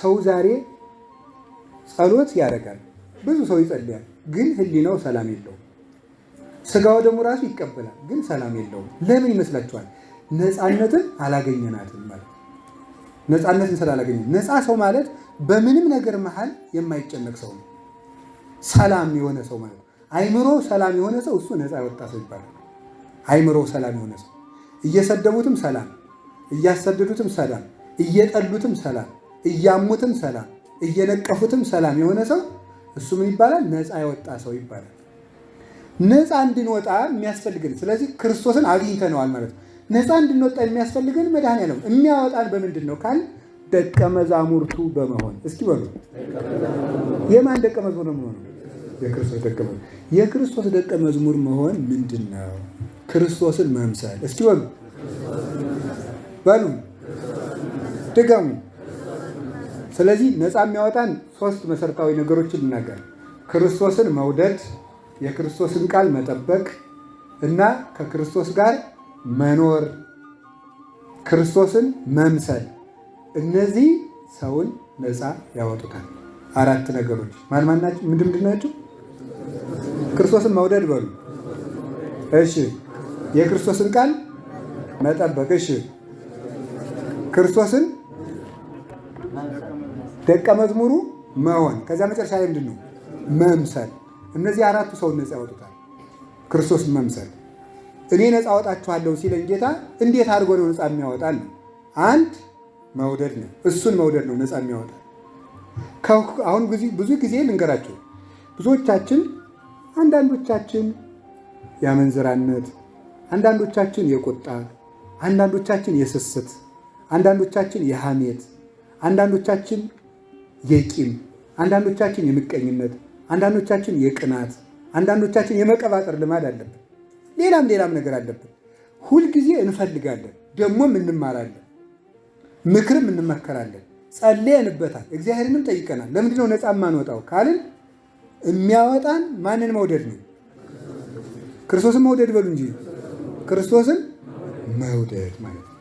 ሰው ዛሬ ጸሎት ያደርጋል፣ ብዙ ሰው ይጸልያል፣ ግን ህሊናው ሰላም የለውም። ስጋው ደግሞ ራሱ ይቀበላል፣ ግን ሰላም የለውም። ለምን ይመስላችኋል? ነፃነትን አላገኘናትም ማለት ነፃነትን ስላላገኘ ነፃ ሰው ማለት በምንም ነገር መሀል የማይጨነቅ ሰው ነው። ሰላም የሆነ ሰው ማለት አይምሮ ሰላም የሆነ ሰው እሱ ነፃ የወጣ ሰው ይባላል። አይምሮ ሰላም የሆነ ሰው እየሰደቡትም ሰላም፣ እያሰደዱትም ሰላም፣ እየጠሉትም ሰላም እያሙትም ሰላም እየነቀፉትም ሰላም የሆነ ሰው እሱ ምን ይባላል? ነፃ የወጣ ሰው ይባላል። ነፃ እንድንወጣ የሚያስፈልግን ስለዚህ ክርስቶስን አግኝተነዋል ማለት ነው። ነፃ እንድንወጣ የሚያስፈልግን መድኃኔዓለም የሚያወጣን በምንድን ነው ካል ደቀ መዛሙርቱ በመሆን እስኪ በሉ የማን ደቀ መዝሙር ነው መሆኑ? የክርስቶስ ደቀ መዝሙር። የክርስቶስ ደቀ መዝሙር መሆን ምንድን ነው? ክርስቶስን መምሰል። እስኪ በሉ በሉ ድገሙ። ስለዚህ ነፃ የሚያወጣን ሶስት መሰረታዊ ነገሮችን እናገር፣ ክርስቶስን መውደድ፣ የክርስቶስን ቃል መጠበቅ እና ከክርስቶስ ጋር መኖር፣ ክርስቶስን መምሰል። እነዚህ ሰውን ነፃ ያወጡታል። አራት ነገሮች ማን ማን ናቸው? ምንድን ናቸው? ክርስቶስን መውደድ በሉ። እሺ፣ የክርስቶስን ቃል መጠበቅ። እሺ፣ ክርስቶስን ደቀ መዝሙሩ መሆን ከዛ መጨረሻ ላይ ምንድን ነው መምሰል። እነዚህ አራቱ ሰውን ነፃ ያወጡታል። ክርስቶስን መምሰል እኔ ነፃ አወጣችኋለሁ ሲለኝ ጌታ እንዴት አድርጎ ነው ነፃ የሚያወጣል? አንድ መውደድ ነው። እሱን መውደድ ነው ነፃ የሚያወጣል። አሁን ብዙ ጊዜ ልንገራቸው፣ ብዙዎቻችን አንዳንዶቻችን የአመንዝራነት፣ አንዳንዶቻችን የቁጣ፣ አንዳንዶቻችን የስስት፣ አንዳንዶቻችን የሐሜት፣ አንዳንዶቻችን የቂም አንዳንዶቻችን የምቀኝነት አንዳንዶቻችን የቅናት አንዳንዶቻችን የመቀባጠር ልማድ አለብን። ሌላም ሌላም ነገር አለብን። ሁልጊዜ እንፈልጋለን፣ ደግሞም እንማራለን፣ ምክርም እንመከራለን፣ ጸልየንበታል፣ እግዚአብሔርንም ጠይቀናል። ለምንድን ነው ነፃ ማንወጣው ካልን የሚያወጣን ማንን መውደድ ነው? ክርስቶስን መውደድ በሉ እንጂ ክርስቶስን መውደድ ማለት ነው።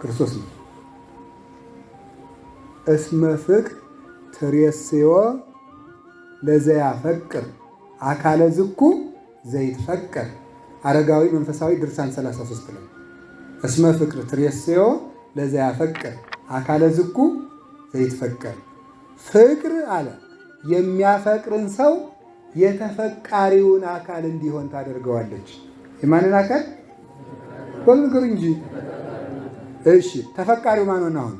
ክርስቶስ ነው እስመ ፍቅር ትሬስዮ ለዘያፈቅር አካለ ዝኩ ዘይትፈቅር አረጋዊ መንፈሳዊ ድርሳን 33 ነው። እስመ ፍቅር ትሬስዮ ለዘያፈቅር አካለ ዝኩ ዘይትፈቅር ፍቅር አለ የሚያፈቅርን ሰው የተፈቃሪውን አካል እንዲሆን ታደርገዋለች። የማንን አካል በምግር እንጂ። እሺ ተፈቃሪው ማን ሆነ አሁን?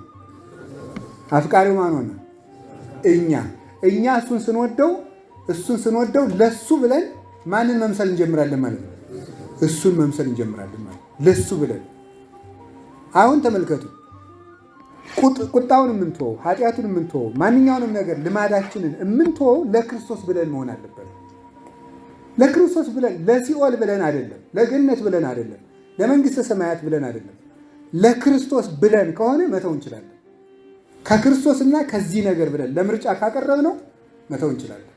አፍቃሪው ማን ሆነ? እኛ እኛ እሱን ስንወደው እሱን ስንወደው ለሱ ብለን ማንን መምሰል እንጀምራለን ማለት ነው። እሱን መምሰል እንጀምራለን ማለት ነው። ለሱ ብለን አሁን ተመልከቱ፣ ቁጣውን የምንተወው ኃጢአቱን የምንተወው ማንኛውንም ነገር ልማዳችንን የምንተወው ለክርስቶስ ብለን መሆን አለበት። ለክርስቶስ ብለን ለሲኦል ብለን አይደለም፣ ለገነት ብለን አይደለም፣ ለመንግስተ ሰማያት ብለን አይደለም፣ ለክርስቶስ ብለን ከሆነ መተው እንችላለን። ከክርስቶስና ከዚህ ነገር ብለን ለምርጫ ካቀረብነው መተው እንችላለን።